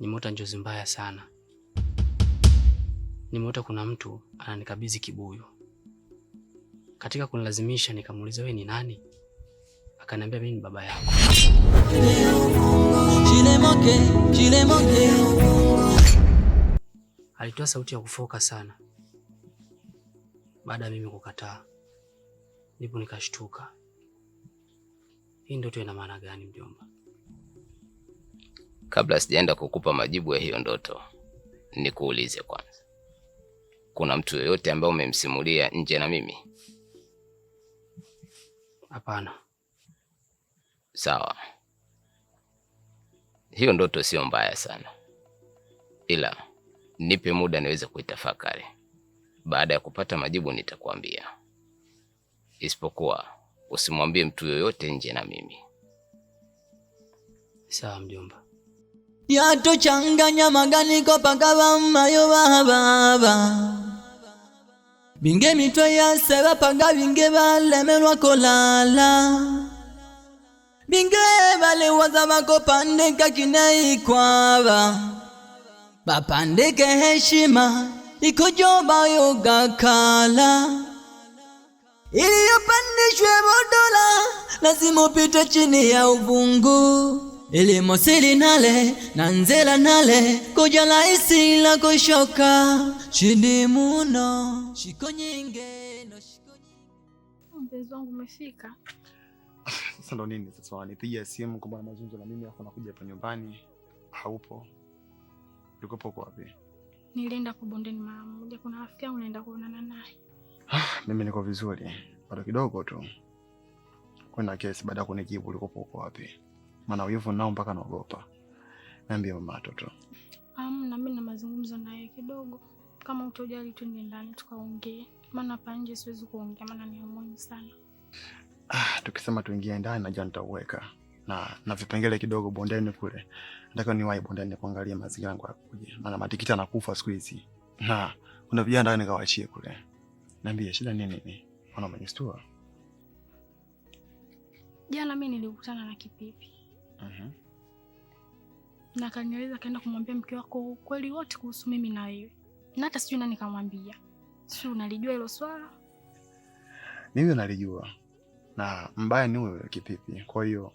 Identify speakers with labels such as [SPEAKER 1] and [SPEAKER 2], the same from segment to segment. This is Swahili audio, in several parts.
[SPEAKER 1] nimeota njozi mbaya sana. Nimeota kuna mtu ananikabidhi kibuyu. Katika kunilazimisha, nikamuuliza wewe ni nani? Akaniambia mimi ni baba yako. Alitoa sauti ya kufoka sana baada ya mimi kukataa, ndipo nikashtuka. Hii ndoto ina maana gani, mjomba?
[SPEAKER 2] Kabla sijaenda kukupa majibu ya hiyo ndoto, nikuulize kwanza, kuna mtu yoyote ambaye umemsimulia nje na mimi? Hapana. Sawa, hiyo ndoto sio mbaya sana, ila nipe muda niweze kuitafakari. Baada ya kupata majibu nitakwambia, isipokuwa usimwambie mtu yoyote nje na mimi.
[SPEAKER 1] Sawa mjomba
[SPEAKER 3] gani maganiko pagaba mayo wababa binge mitwe yase paga binge melwa kolala binge baliwaza bakopandika kinai kwaba bapandike heshima ikojoba yogakala yopandishwe bodola lazima upite chini ya ubungu ilimosili nale na nzela nale kuja laisi la kushoka chini muno shiko nyinge
[SPEAKER 4] no shiko nyinge. Mpenzi wangu umefika
[SPEAKER 5] sasa, ndo nini sasa? Wanipigia simu kwamba mazungumzo na mimi afu nakuja hapa nyumbani, haupo. Ulikopo uko wapi?
[SPEAKER 4] Nilienda kwa bondeni mama mmoja, kuna rafiki yangu naenda kuonana naye.
[SPEAKER 5] Ah, mimi niko vizuri, bado kidogo tu. kwenda kesi baada ya kunijibu, ulikopo uko wapi? maana uyovu nao mpaka naogopa. Niambie mama watoto.
[SPEAKER 4] Um, na mimi na mazungumzo naye kidogo, kama utojali tuende ndani tukaongee, maana hapa nje siwezi kuongea, maana ni muhimu sana.
[SPEAKER 5] Ah, tukisema tuingie ndani najua nitauweka na na vipengele kidogo bondeni kule. Nataka niwahi bondeni kuangalia mazingira yangu yakuje. Maana matikiti anakufa siku hizi. Na kuna vijana ndani nikawaachie kule. Niambie shida ni nini? Mbona umenistua?
[SPEAKER 4] Jana mimi nilikutana na kipipi mm na akanieleza kaenda kumwambia mke wako ukweli wote kuhusu mimi na wewe, na hata sijui nani kamwambia. Si unalijua hilo swala?
[SPEAKER 5] Mimi nalijua na mbaya ni wewe Kipipi. Kwa hiyo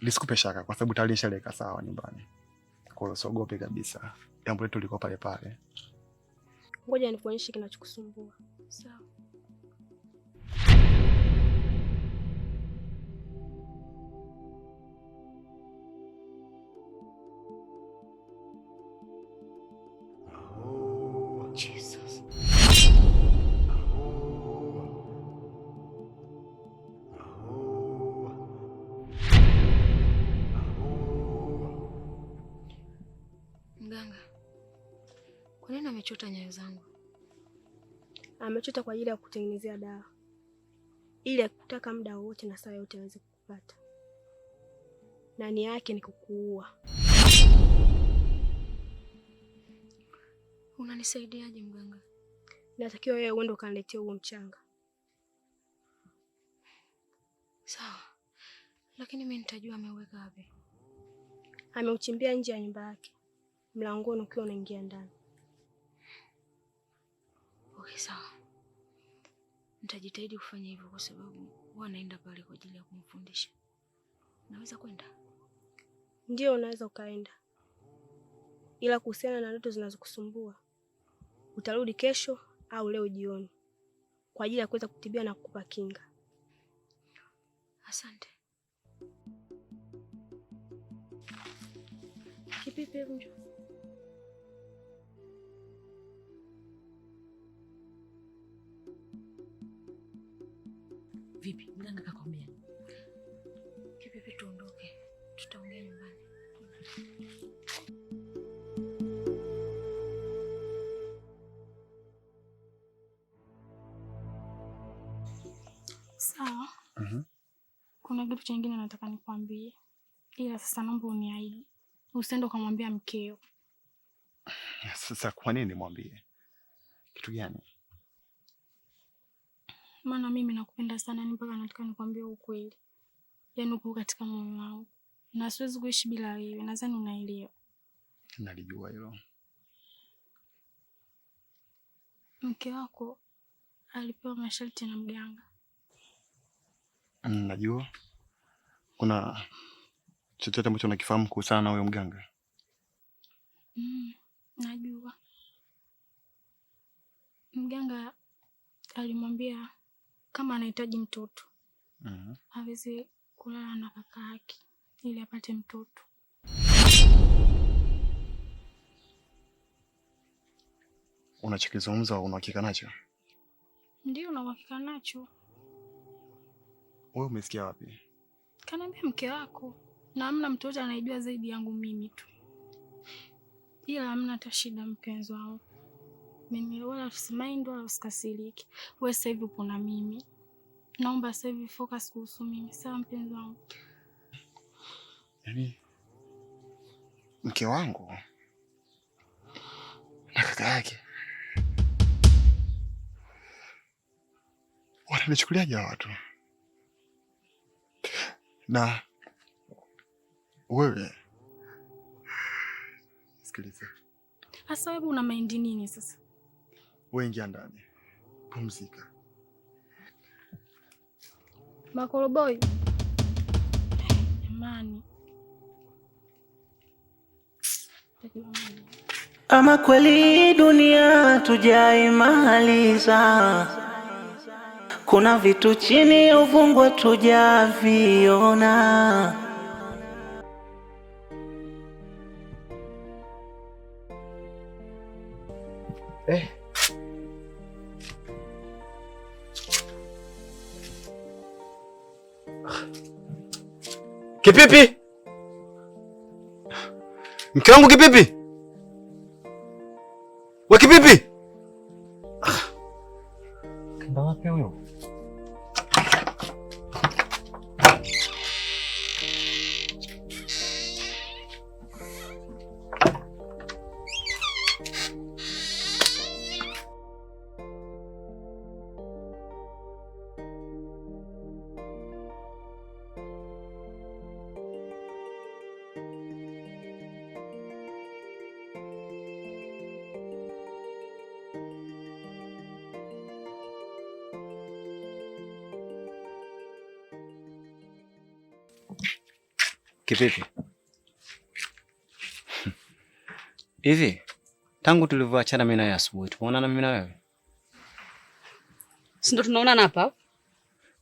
[SPEAKER 5] lisikupe shaka, kwa sababu tayari nishaleka sawa nyumbani. Kwa hiyo usiogope kabisa, jambo letu liko pale pale.
[SPEAKER 4] Ngoja nikuonyeshe kinachokusumbua, sawa?
[SPEAKER 6] zangu.
[SPEAKER 7] Amechota kwa ajili ya kutengenezea dawa ili akutaka muda wowote na saa yote aweze kukupata. nani yake ni kukuua.
[SPEAKER 6] Unanisaidiaje mganga?
[SPEAKER 7] Natakiwa wewe uende ukaniletea huo mchanga.
[SPEAKER 6] Sawa, lakini mimi nitajua ameuweka wapi.
[SPEAKER 7] Ameuchimbia nje ya nyumba yake, mlangoni ukiwa unaingia ndani.
[SPEAKER 6] Okay, sawa, nitajitahidi kufanya hivyo kwa sababu huwa naenda pale kwa ajili ya kumfundisha. Naweza kwenda?
[SPEAKER 7] Ndio, unaweza ukaenda, ila kuhusiana na ndoto zinazokusumbua utarudi kesho au leo jioni kwa ajili ya kuweza kutibia na kukupa kinga.
[SPEAKER 6] Asante. Kipipi, hebu tutaongea nyumbani.
[SPEAKER 4] Sawa. Mm-hmm. Kuna kitu chengine nataka nikwambie, ila sasa naomba uniahidi usiende ukamwambia mkeo.
[SPEAKER 5] Sasa kwa nini nimwambie kitu gani?
[SPEAKER 4] Maana mimi nakupenda sana, ni mpaka nataka nikwambie ukweli, yaani uko katika moyo wangu na siwezi kuishi bila wewe, nadhani unaelewa.
[SPEAKER 5] Nalijua hilo.
[SPEAKER 4] Mke wako alipewa masharti na mganga.
[SPEAKER 5] Najua kuna chochote ambacho nakifahamu kuhusiana na huyo mganga?
[SPEAKER 4] Mm, najua mganga alimwambia kama anahitaji mtoto mm mm-hmm. -hmm. aweze kulala na kaka yake ili apate mtoto.
[SPEAKER 5] Unachokizungumza una nacho?
[SPEAKER 4] Ndio, una nacho.
[SPEAKER 5] Wewe umesikia wapi?
[SPEAKER 4] Kanaambia mke wako, na amna mtu yote anaijua zaidi yangu mimi tu, ila amna hata shida, mpenzi wangu mimi, wala usimaindi wala usikasiriki. Wewe sasa hivi uko na mimi, naomba sasa hivi focus kuhusu mimi, sawa mpenzi wangu?
[SPEAKER 5] Yaani mke wangu na kaka yake wananichukuliaje watu? Na wewe sikiliza
[SPEAKER 4] hasa, wewe una maindi nini sasa?
[SPEAKER 5] Wewe ingia ndani, pumzika.
[SPEAKER 4] Makoroboi, jamani. Ama kweli dunia tujaimaliza, kuna vitu
[SPEAKER 5] chini ya uvungu tujaviona. Eh. Ah. Kipipi? Mke wangu kipipi? We kipipi? Kipipi, Hivi tangu tulivyoachana mimi naye asubuhi tumeonana mimi na wewe?
[SPEAKER 8] Si ndio tunaonana hapa?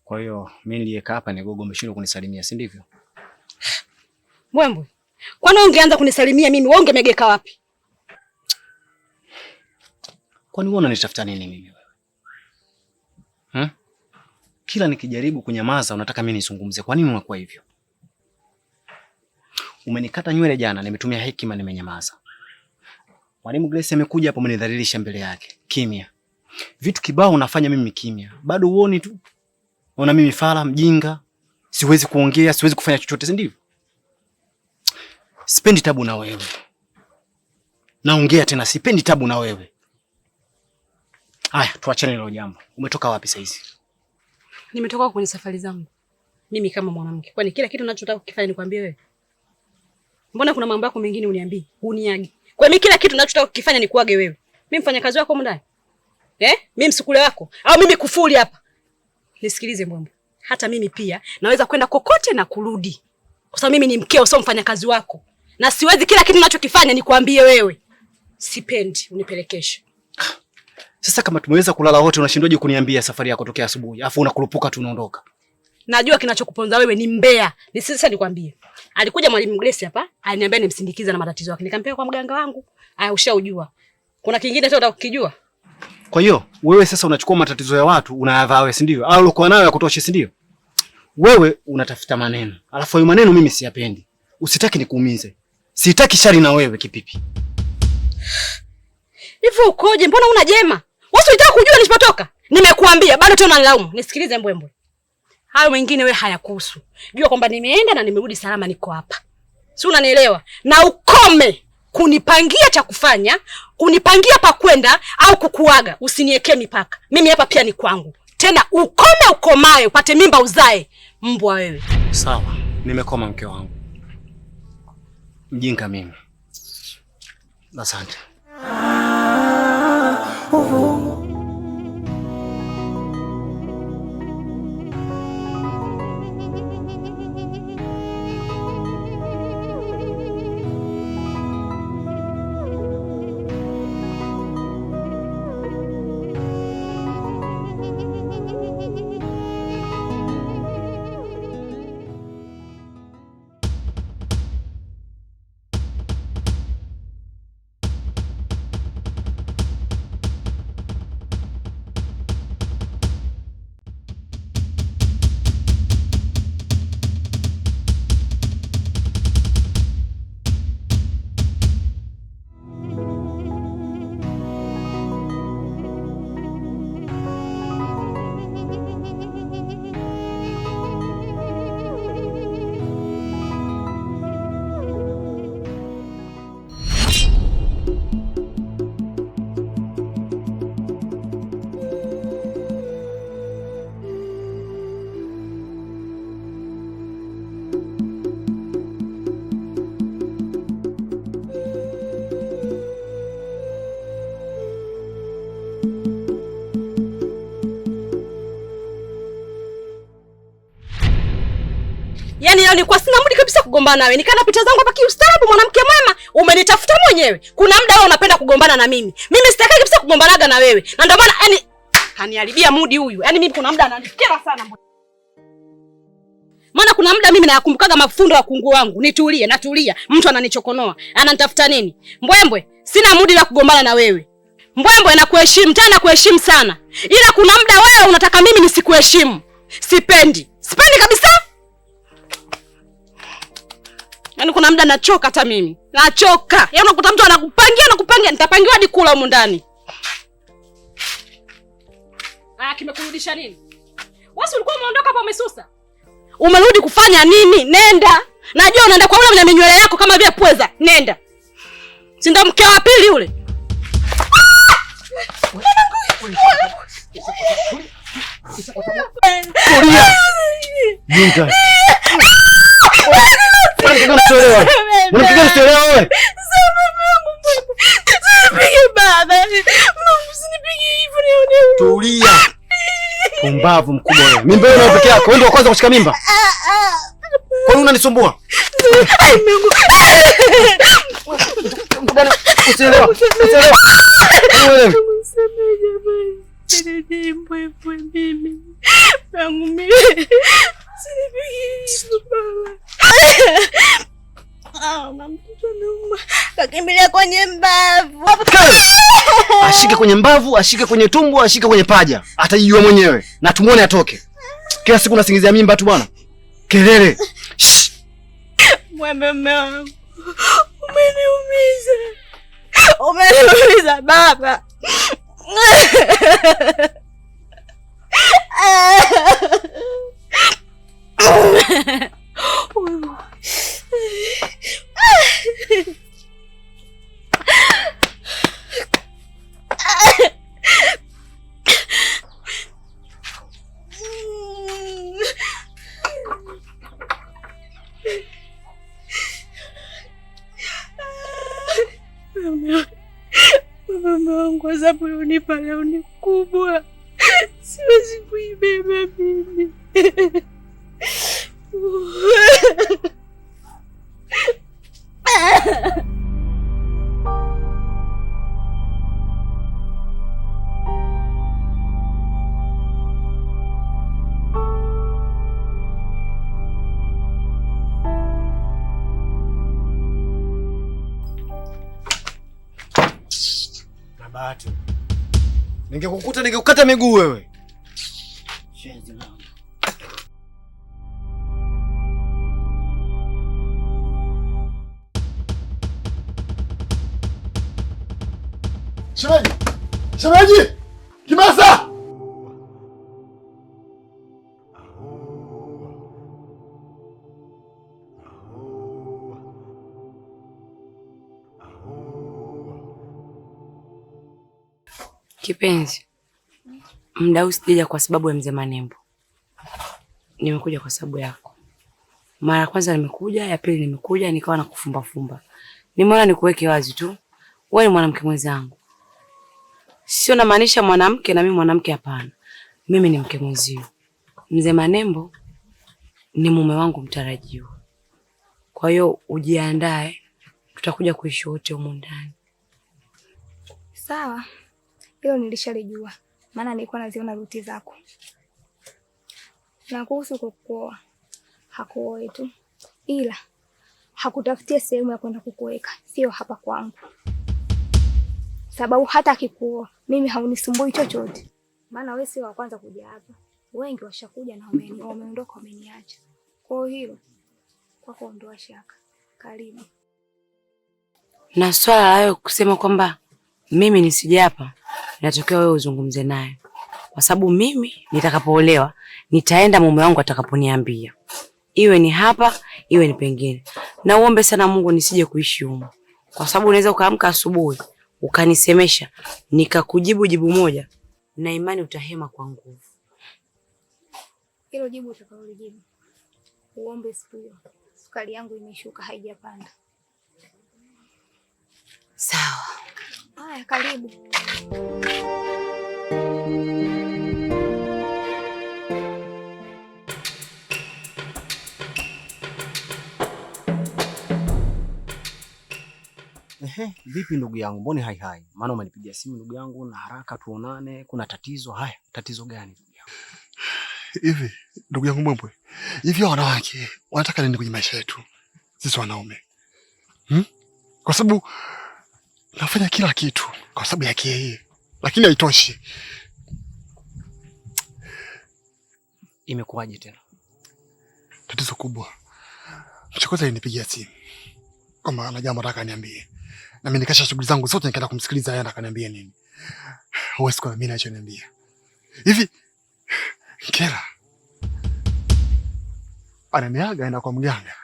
[SPEAKER 5] Kwa hiyo mimi niliyekaa hapa ni gogo umeshindwa kunisalimia, si ndivyo?
[SPEAKER 8] Mbwembwe. Kwani ungeanza kunisalimia mimi, wewe ungemegeka wapi?
[SPEAKER 5] Kwani wewe unanitafuta nini mimi wewe? Hmm? Kila nikijaribu kunyamaza unataka mimi nizungumze. Kwa nini unakuwa hivyo? Umenikata nywele jana, nimetumia hekima, nimenyamaza. Mwalimu Grace amekuja hapo, umenidhalilisha mbele yake kimya. Vitu kibao unafanya, mimi kimya, bado uoni tu. Ona mimi fala mjinga, siwezi kuongea, siwezi kufanya chochote, si ndivyo? Sipendi tabu na wewe, naongea tena, sipendi tabu na wewe. Haya, tuachane hilo jambo. Umetoka wapi sasa hizi?
[SPEAKER 8] Nimetoka kwenye safari zangu mimi kama mwanamke, kwani kila kitu ninachotaka kukifanya nikwambie wewe? Mbona kuna mambo yako mengine uniambi? Uniage. Kwa mimi kila kitu ninachotaka kukifanya ni kuage wewe. Mimi mfanya kazi wako mndani? Eh? Mimi msukule wako au mimi kufuli hapa? Nisikilize mbona. Hata mimi pia naweza kwenda kokote na kurudi. Kwa sababu mimi ni mkeo, sio mfanyakazi wako. Na siwezi kila kitu ninachokifanya ni kuambie wewe. Sipendi unipelekeshe.
[SPEAKER 5] Sasa kama tumeweza kulala wote unashindwaje kuniambia safari yako tokea asubuhi? Alafu unakurupuka tu unaondoka.
[SPEAKER 8] Najua kinachokuponza wewe ni mbea. Ni sasa nikwambie. Alikuja mwalimu Grace hapa, aliniambia nimsindikize na matatizo yake. Nikampeleka kwa mganga wangu. Aya, ushaujua. Kuna kingine tu utakijua.
[SPEAKER 5] Kwa hiyo wewe sasa unachukua matatizo ya watu unayadhaa wewe, si ndio? Au ulikuwa nayo ya kutosha, si ndio? Wewe unatafuta maneno. Alafu hayo maneno mimi siyapendi. Usitaki nikuumize. Sitaki shari na wewe kipipi.
[SPEAKER 8] Hivyo ukoje? Mbona una jema? Wewe unataka kujua nilipotoka? Nimekuambia bado tena nalaumu. Nisikilize mbwembwe hayo mengine wewe hayakuhusu. Jua kwamba nimeenda na nimerudi salama, niko hapa, si unanielewa? Na ukome kunipangia cha kufanya, kunipangia pa kwenda au kukuaga. Usiniwekee mipaka, mimi hapa pia ni kwangu. Tena ukome ukomae upate mimba uzae mbwa wewe.
[SPEAKER 5] Sawa, nimekoma mke wangu, mjinga mimi. Asante. Ah,
[SPEAKER 8] nilikuwa sina muda kabisa kugombana nawe, nikaenda picha zangu hapa kiustaarabu, mwanamke mwema. Umenitafuta mwenyewe. Kuna muda wewe unapenda kugombana na mimi, mimi sitakai kabisa kugombanaga na wewe, na ndio maana yani kaniharibia mudi huyu. Yani mimi kuna muda ananikera sana maana kuna muda mimi nayakumbukaga mafundo ya kungu wangu, nitulie, natulia, mtu ananichokonoa, ananitafuta nini? Mbwembwe, sina mudi la kugombana na wewe. Mbwembwe, nakuheshimu tena, nakuheshimu sana, ila kuna muda wewe unataka mimi nisikuheshimu. Sipendi, sipendi kabisa. Yaani kuna muda nachoka hata mimi. Nachoka. Yaani unakuta mtu anakupangia na kupangia, nitapangiwa hadi kula humu ndani. Ah, kimekurudisha nini? Wewe ulikuwa umeondoka hapo umesusa. Umerudi kufanya nini? Nenda. Najua unaenda kwa yule mwenye nywele yako kama vile pweza. Nenda. Si ndo mke wa pili yule?
[SPEAKER 5] Kulia. Nenda. Tulia. Pumbavu mkubwa wewe. Mimba wewe peke yako. Wewe ndio kwanza kushika mimba. Kwa nini unanisumbua?
[SPEAKER 9] Mungu. Kakimbilia kwenye mbavu,
[SPEAKER 5] ashike kwenye mbavu, ashike kwenye tumbo, ashike kwenye paja, atajijua mwenyewe na tumuone atoke. Kila siku nasingizia mimba tu bwana, kelele.
[SPEAKER 9] Mwembe, mume wangu, umeniumiza, umeniumiza baba
[SPEAKER 5] Ningekukuta ningekukata miguu wewe. Shemeji! Shemeji! Kimasa!
[SPEAKER 10] Kipenzi, muda huu sijaja kwa sababu ya mzee Manembo, nimekuja kwa sababu yako. Mara ya kwanza nimekuja, ya pili nimekuja nikawa nakufumbafumba. Nimeona nikuweke wazi tu, wewe ni mwanamke mwenzangu. Sio namaanisha mwanamke na mimi mwanamke, hapana. Mimi ni mke mwenzio. Mzee Manembo ni mume wangu mtarajiwa, kwa hiyo ujiandae, tutakuja kuishi wote humu ndani,
[SPEAKER 11] sawa? Hilo nilishalijua, maana nilikuwa naziona ruti zako. Na kuhusu kukuoa, hakuoi tu, ila hakutafutia sehemu ya kwenda kukuweka, sio hapa kwangu, sababu hata akikuoa mimi haunisumbui chochote, maana wewe sio wa kwanza kuja hapa, wengi washakuja na wameondoka, wameniacha. Kwa hiyo kwako ondoa shaka. Karibu
[SPEAKER 10] na swala layo kusema kwamba mimi nisije hapa natokea wewe uzungumze naye, kwa sababu mimi nitakapoolewa nitaenda mume wangu atakaponiambia, iwe ni hapa iwe ni pengine. Na uombe sana Mungu nisije kuishi humo, kwa sababu unaweza ukaamka asubuhi ukanisemesha nikakujibu jibu moja, na imani utahema kwa nguvu.
[SPEAKER 11] Hilo jibu utakalojibu uombe siku hiyo, sukari yangu imeshuka haijapanda. Sawa. Haya, karibu.
[SPEAKER 5] Eh, vipi ndugu yangu, mboni hai hai? Maana umenipigia simu ndugu yangu na haraka tuonane, kuna tatizo. Haya, tatizo gani ndugu yangu? Hivi ndugu yangu Mbwembwe, hivi wanawake wanataka nini kwenye maisha yetu sisi wanaume hmm? Kwa sababu nafanya kila kitu kwa sababu yake yeye, lakini haitoshi.
[SPEAKER 10] Imekuwaje tena?
[SPEAKER 5] Tatizo kubwa, mchokozi alinipigia simu kwamba ana jambo nataka niambie na mimi nikaacha shughuli zangu zote, nikaenda kumsikiliza yeye akaniambia nini. Huwezi kwa mimi nachoniambia hivi, Nkela ananiaga aenda kwa mganga,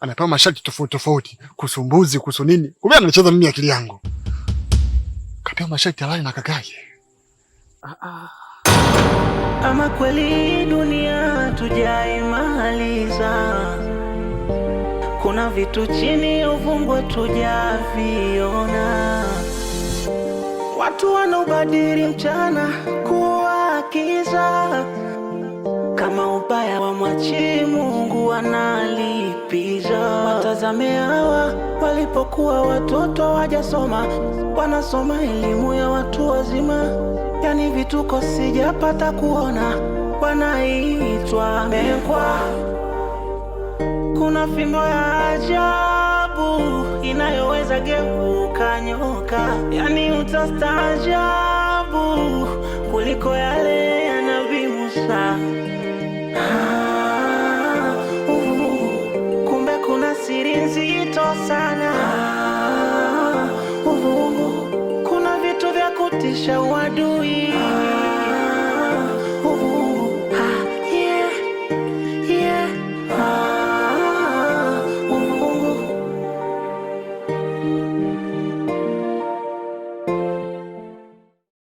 [SPEAKER 5] anapewa masharti tofauti tofauti kuhusu mbuzi, kuhusu nini. Kumbe anacheza mimi akili yangu, kapewa masharti halali na kakaje.
[SPEAKER 10] Ah, ah. Ama kweli dunia tujaimaliza, kuna vitu chini uvungwa tuja viona. Watu wanaubadili mchana kuwa kiza, kama ubaya wa mwachi Mungu wanalipiza Watazame hawa walipokuwa watoto wajasoma, wanasoma elimu ya watu wazima, yani vituko sijapata kuona, wanaitwa mekwa, kuna fimbo ya ajabu hofu inayoweza geuka nyoka, yani utastaajabu kuliko yale yanaviusa. Ah, uh, kumbe kuna siri nzito sana. Ah, uh, uh, uh kuna vitu vya kutisha uadui.